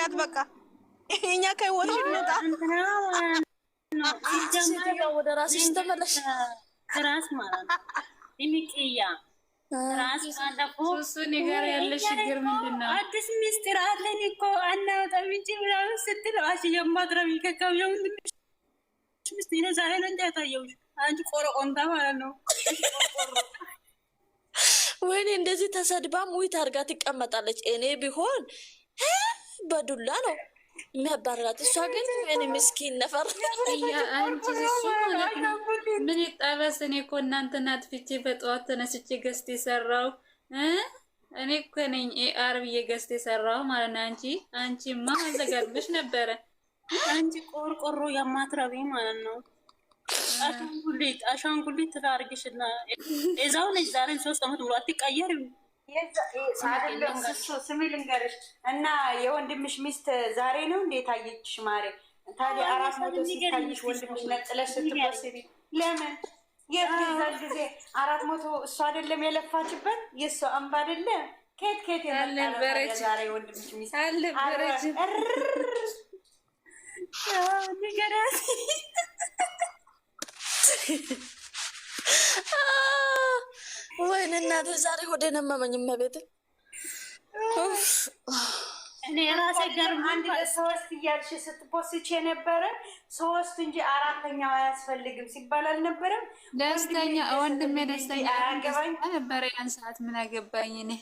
ያት በቃ እኛ ከህይወት ወደ ራስሽ ተመለሽ። ራስ ማለት ሚቅያ ራስ ነገር ያለሽ ችግር አዲስ አለን እኮ አናወጣም እንጂ ምናምን የማትረቢ ዛሬ ነው እንጂ አንቺ ቆረቆንታ ማለት ነው። ወይኔ እንደዚህ ተሰድባም ውይት አርጋ ትቀመጣለች። እኔ ቢሆን በዱላ ነው የሚያባረራት እሷ ግን ምን ምስኪን ነፈር አንቺ እሱ ምን ይጣበስ? እኔ እኮ እናንተን አጥፍቼ በጠዋት ተነስቼ ገስት የሰራው እኔ እኮ ነኝ አር ብዬ ገስት የሰራው ማለት ነው። አንቺ ማ አዘጋግብሽ ነበረ። አንቺ ቆርቆሮ የማትረቢ ማለት ነው። አሻንጉሊት አሻንጉሊት ትላርግሽና እዛው ነች። ዛሬን ሶስት አመት ብሎ አትቀየርም ስሚ ልንገርሽ እና የወንድምሽ ሚስት ዛሬ ነው እንዴ ታየችሽ? ማሬ ታዲያ አራት መቶ ሲታይሽ ወንድምሽ ነጥለሽ ስትወስቢ ለምን የዛን ጊዜ አራት መቶ እሱ አይደለም የለፋችበት የእሱ አምባ አይደለ ከየት ከየት የመጣዛሬ ግን እናቴ ዛሬ ወደ ነመመኝ እመቤትን እኔ ራሴ ገርም አንድ ለሶስት እያልሽ ስትፖስች የነበረ ሶስት እንጂ አራተኛው አያስፈልግም ሲባል አልነበረም። ደስተኛ ወንድሜ ደስተኛ ነበረ። ያን ሰዓት ምን አገባኝ እኔ።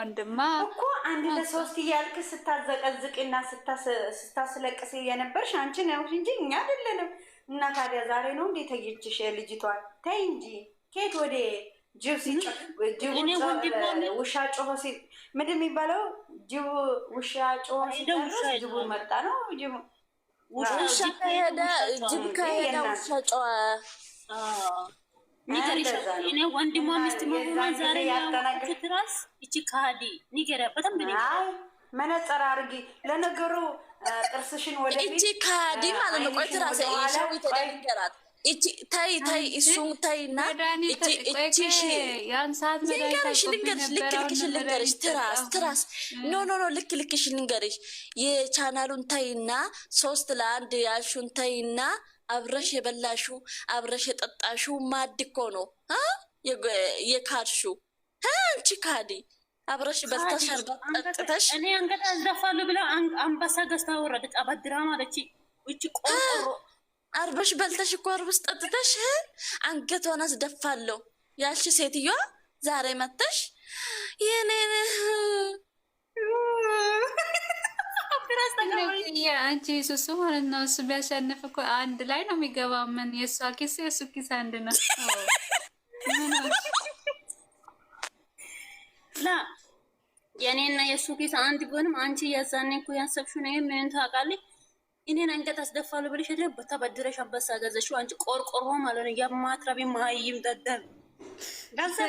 ወንድማ እኮ አንድ ለሶስት እያልክ ስታዘቀዝቅ ስታዘቀዝቅና ስታስለቅስ የነበርሽ አንቺ ነው እንጂ እኛ አይደለንም። እና ታዲያ ዛሬ ነው እንዴ ተይችሽ? ልጅቷን ተይ እንጂ ኬት ወደ ጅብ ውሻ ጮኸ ሲል ምንድን የሚባለው? ጅብ ውሻ ጮኸ ሲጨርስ ጅቡ መጣ ነው። ውሻ ከሄደ ጅብ ከሄደ ውሻ ጮኸ። እኔ ወንድሟ ሚስት መሆኗን ዛሬ ትራስ እቺ ከሃዲ ኒገራ በጣም መነጽር አድርጊ። ለነገሩ ጥርስሽን ወደ እቺ ከሃዲ ማለት ነው። ቆይ ትራስ ሻዊ ተደንገራት ታይ ታይ እሱን ልንገርሽ ልንገርሽ ልክ ልክሽ ልንገርሽ ትራስ ትራስ ኖ ኖ ኖ ልክ ልክሽ ልንገርሽ የቻናሉን ሶስት ለአንድ አብረሽ የበላሹ አብረሽ የጠጣሹ ማድ እኮ ነው የካድሹ አንቺ ካዲ አብረሽ በልተሻል እኔ አንገት አንበሳ ገዝታ ወረደች ቆሮ አርበሽ በልተሽ እኮ አርብስ ጠጥተሽ አንገቷን አስደፋለሁ ያልሽ ሴትዮዋ ዛሬ መጥተሽ የኔን አንቺ ሱሱ ማለት ነው። እሱ ቢያሸንፍ እኮ አንድ ላይ ነው የሚገባ። ምን የእሷ ኪስ የእሱ ኪስ አንድ ነው። የእኔና የእሱ ኪስ አንድ ቢሆንም አንቺ የዛኔ እኮ ያሰብሽው ነው። ምን ታውቃለች እኔን አንገት አስደፋለሁ ብለሽ ደ ተበድረሽ አንበሳ ገዘሽው አንቺ ቆርቆሮ ማለት ነው። የማትረቢ ማይም ደደብ ገዛ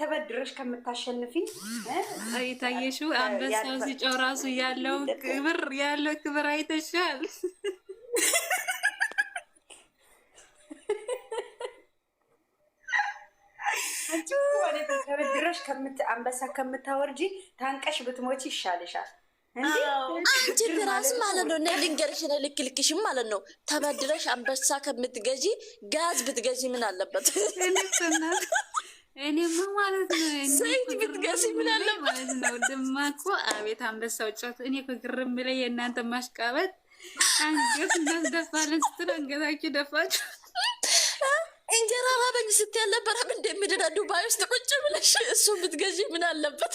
ተበድረሽ ከምታሸንፊ አንበሳው ሲጮህ ያለው ክብር ያለው ክብር አይተሻል። አንቺ ወደ ተበድረሽ አንበሳ ከምታወርጂ ታንቀሽ ብትሞች ይሻልሻል። አንቺ ትራስ ማለት ነው። እኔ ልንገርሽ ነው፣ ልክልክሽም ማለት ነው። ተበድረሽ አንበሳ ከምትገዢ ጋዝ ብትገዢ ምን አለበት? እኔማ ማለት ነው ዘይት ብትገዢ ምን አለበት ነው። ድማ እኮ አቤት አንበሳው ጫት። እኔ እኮ ግርም ብለኝ የእናንተ ማሽቃበት አንገት እናስደፋለን ስትል አንገታችሁ ደፋችሁ። እንጀራ ራበኝ ስትይ አልነበረም እንደሚደዳ ዱባይ ውስጥ ቁጭ ብለሽ እሱ ብትገዢ ምን አለበት?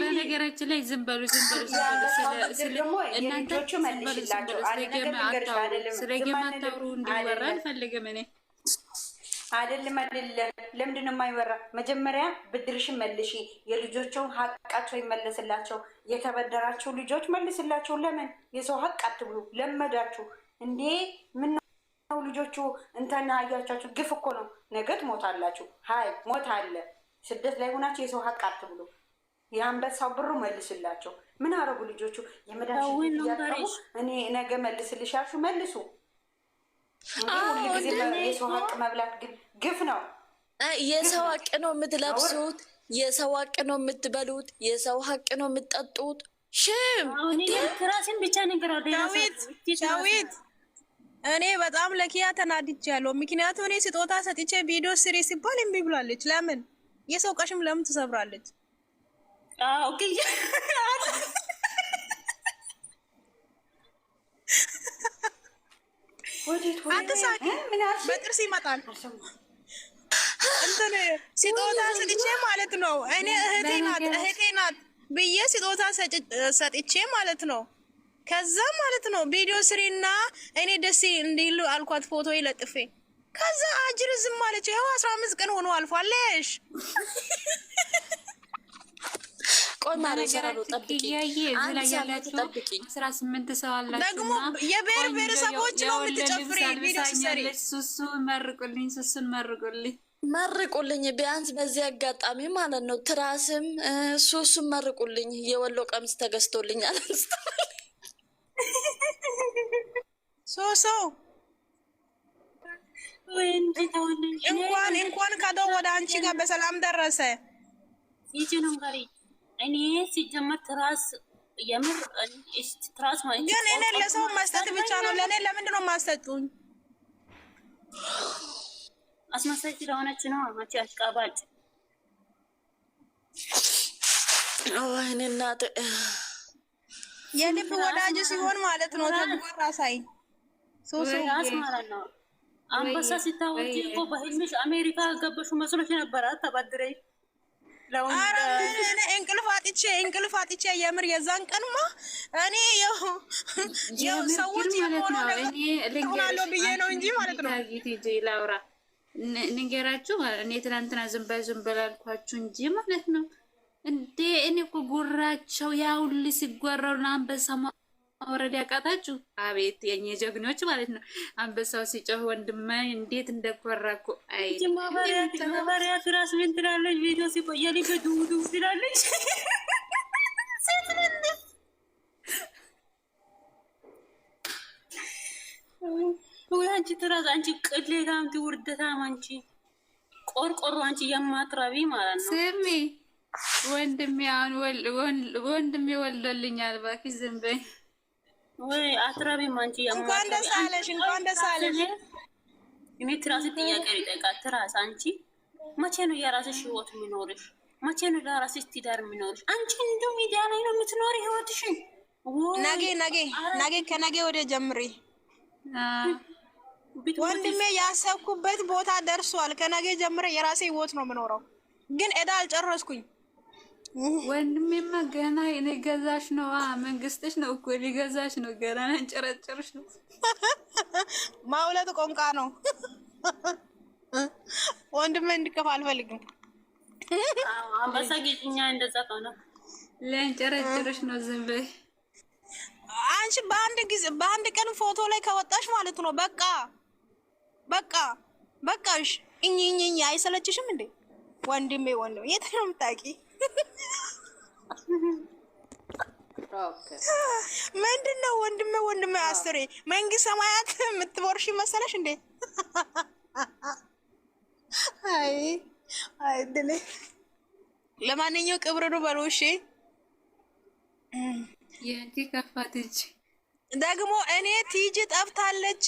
በነገራችን ላይ ዝም በሉ ዝም በሉ እናንተ ስለ አታውሩ፣ እንዲወራ አልፈልግም እኔ አይደለም አይደለም። ለምንድን ነው የማይወራ? መጀመሪያ ብድርሽን መልሺ፣ የልጆቸውን ሀቃቸው ይመለስላቸው። የተበደራችሁ ልጆች መልስላቸው። ለምን የሰው ሀቅ አትብሉ? ለመዳችሁ እንዴ ምን ነው ልጆቹ እንተና አያቻችሁ፣ ግፍ እኮ ነው። ነገ ትሞታላችሁ። ሀይ ሞት አለ። ስደት ላይ ሆናችሁ የሰው ሀቅ አትብሉ። የአንበሳው ብሩ መልስላቸው። ምን አረጉ ልጆቹ? የመዳሽ እኔ ነገ መልስልሻችሁ መልሱ። የሰው ሀቅ መብላት ግን ግፍ ነው። የሰው ሀቅ ነው የምትለብሱት፣ የሰው ሀቅ ነው የምትበሉት፣ የሰው ሀቅ ነው የምትጠጡት። ሽም ዳዊት ዳዊት እኔ በጣም ለኪያ ተናድጅ ያለው ምክንያቱ እኔ ስጦታ ሰጥቼ ቪዲዮ ስሪ ሲባል እምቢ ብላለች። ለምን የሰው ቀሽም ለምን ትሰብራለች? አትሳቂ፣ በጥርስ ይመጣል። እንትን ስጦታ ሰጥቼ ማለት ነው እኔ እህቴ ናት እህቴ ናት ብዬ ስጦታ ሰጥቼ ማለት ነው ከዛ ማለት ነው ቪዲዮ ስሬና እኔ ደስ እንዲሉ አልኳት ፎቶ ይለጥፌ ከዛ አጅር ዝም አለች። ይኸው አስራ አምስት ቀን ሆኖ አልፏለሽ። ቆይ ደግሞ የብሔር ብሔረሰቦች ነው የምትጨፍሪ መርቁልኝ፣ ቢያንስ በዚህ አጋጣሚ ማለት ነው። ትራስም ሱሱም መርቁልኝ። የወሎ ቀሚስ ተገዝቶልኛል አንስታ ሶሶ እንኳን እንኳን ከደው ወደ አንቺ ጋር በሰላም ደረሰ። ይቺ ነው ጋሪ እኔ ሲጀመር ትራስ የምር ትራስ ማለት ግን እኔ ለሰው ማስጠት ብቻ ነው። ለእኔ ለምንድን ነው ማስጠጡኝ? አስመሳይ ስለሆነች ነው። አንቺ አሽቃባጭ ወይኔ እናት የልብ ወዳጅ ሲሆን ማለት ነው ተግባር አንበሳ ሲታወቂ እኮ በህልምሽ አሜሪካ ገበሹ ነበረ። እንቅልፍ አጥቼ እንቅልፍ አጥቼ የምር የዛን ቀንማ እኔ ሰዎች ብዬ ነው እንጂ ማለት ነው። ላውራ ንገራችሁ እኔ ትናንትና ዝም ዝም በል አልኳችሁ እንጂ ማለት ነው። እንዴ እኔ እኮ ጉራቸው ማውረድ ያቃታችሁ አቤት የኛ ጀግኖች ማለት ነው። አንበሳው ሲጮህ ወንድሜ እንዴት እንደኮራኩ እኮ ማበሪያ ራስ ምን ትላለች? ቪዲዮ ሲቆየል በዱዱ ትላለች። አንቺ ትራስ አንቺ ቅሌታም ውርደታም አንቺ ቆርቆሮ አንቺ የማትራቢ ማለት ነው። ስሚ ወንድሜ አሁን ወንድሜ ወልዶልኛል፣ እባክሽ ዝም በይ ወይ አትረቢም ማንቺ እንኳን ደስ አለሽ፣ እንኳን ደስ አለሽ። እኔ ትራስ ጥያቄ ትራስ አንቺ መቼ ነው የራስሽ ህይወት የሚኖርሽ? መቼ ነው ለራስሽ ትዳር የሚኖርሽ? አንቺ ሚዲያ ላይ ነው የምትኖሪ ህይወትሽን። ነገ ነገ ነገ ከነገ ወደ ጀምሪ ወንድሜ፣ ያሰብኩበት ቦታ ደርሷል። ከነገ ጀምሬ የራሴ ህይወት ነው የምኖረው። ግን እዳ አልጨረስኩኝ ወንድሜማ ገና ገዛሽ ነው። መንግስትሽ ነው እኮ ሊገዛሽ ነው። ገና አንጨረጨርሽ ነው። ማውለት ቆንቃ ነው። ወንድሜ እንድከፍ አልፈልግም። አንበሳ እንደዛ ከሆነ ሊያንጨረጭርሽ ነው። ዝም በይ አንቺ። በአንድ ጊዜ በአንድ ቀን ፎቶ ላይ ከወጣሽ ማለት ነው። በቃ በቃ በቃ። እሺ እኝኝኝ አይሰለችሽም እንዴ? ወንድሜ ወንድሜ የት ነው የምታውቂ? ምንድን ነው ወንድሜ፣ ወንድሜ አስሬ መንግስት ሰማያት የምትቦርሽ መሰለሽ እንዴ? አይ አይ ድሌ ለማንኛው ቅብር ነው በሉ እሺ። ከፋት እጅ ደግሞ እኔ ቲጂ ጠፍታለች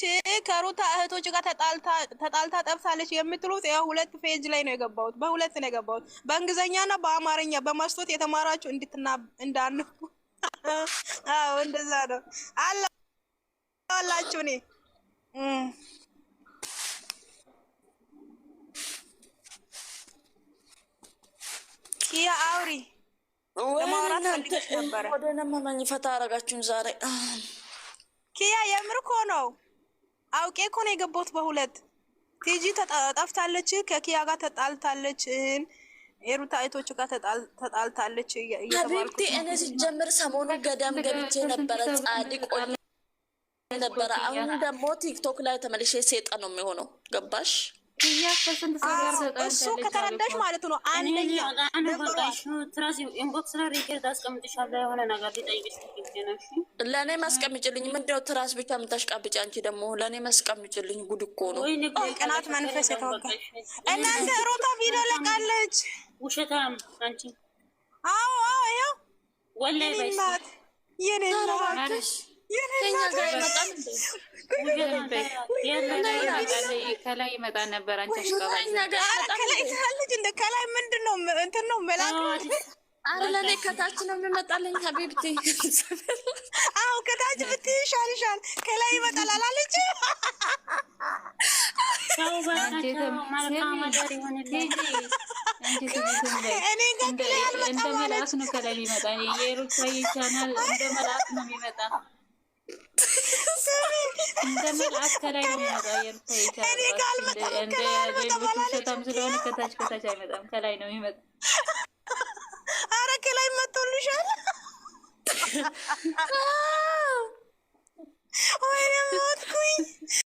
ከሩታ እህቶች ጋር ተጣልታ ጠፍታለች የምትሉት ያው ሁለት ፔጅ ላይ ነው የገባሁት። በሁለት ነው የገባሁት፣ በእንግሊዝኛና በአማርኛ በማስቶት የተማራችሁ እንድትና እንዳን አዎ እንደዛ ነው አላችሁ። እኔ ያ አውሪ ለማውራት ፈልግ ነበረ። ወደ ነመናኝ ፈታ አረጋችሁን ዛሬ ኪያ የምር እኮ ነው። አውቄ እኮ ነው የገባሁት በሁለት ቲጂ ጠፍታለች፣ ከኪያ ጋር ተጣልታለች፣ የሩታ አይቶች ጋር ተጣልታለች። ሀቢብቲ እኔ ሲጀምር ሰሞኑ ገዳም ገብቼ ነበረ ጻድቅ ነበረ። አሁን ደግሞ ቲክቶክ ላይ ተመልሼ ሴጣ ነው የሚሆነው። ገባሽ? እሱ ከተረዳሽ ማለት ነው። አንደኛ ለእኔ ማስቀምጭልኝ ምንድነው? ትራስ ብቻ የምታሽቃብጭ አንቺ ደግሞ ለእኔ ማስቀምጭልኝ። ጉድ እኮ ነው። ቅናት መንፈስ የተወጋ እናንተ። ሮታ ቪዲዮ ለቃለች። ውሸታም አንቺ። አዎ አዎ፣ ይኸው ወላይ ባይስ የኔ ከኛ ጋር ከላይ ይመጣ ነበር። አንቺ ልጅ እንደ ከላይ ምንድን ነው እንትን ነው መላክ አረለኔ ከታች ነው የሚመጣልኝ። ሀቢብቲ አዎ ከታች ብትይ ይሻልሻል። ከላይ ይመጣል አላለች። እኔ ከላይ አልመጣም ማለት ነው። ከላይ ይመጣል። የሩታ ይቻናል እንደ መላክ ነው የሚመጣ እንደ መልአክ ከላይ ነው የሚመጣው። እንደ ስለሆነ ከታች ከታች አይመጣም፣ ከላይ ነው የሚመጣው። አረ ከላይ መጥቶልሻል። ወይኔ ሞትኩኝ።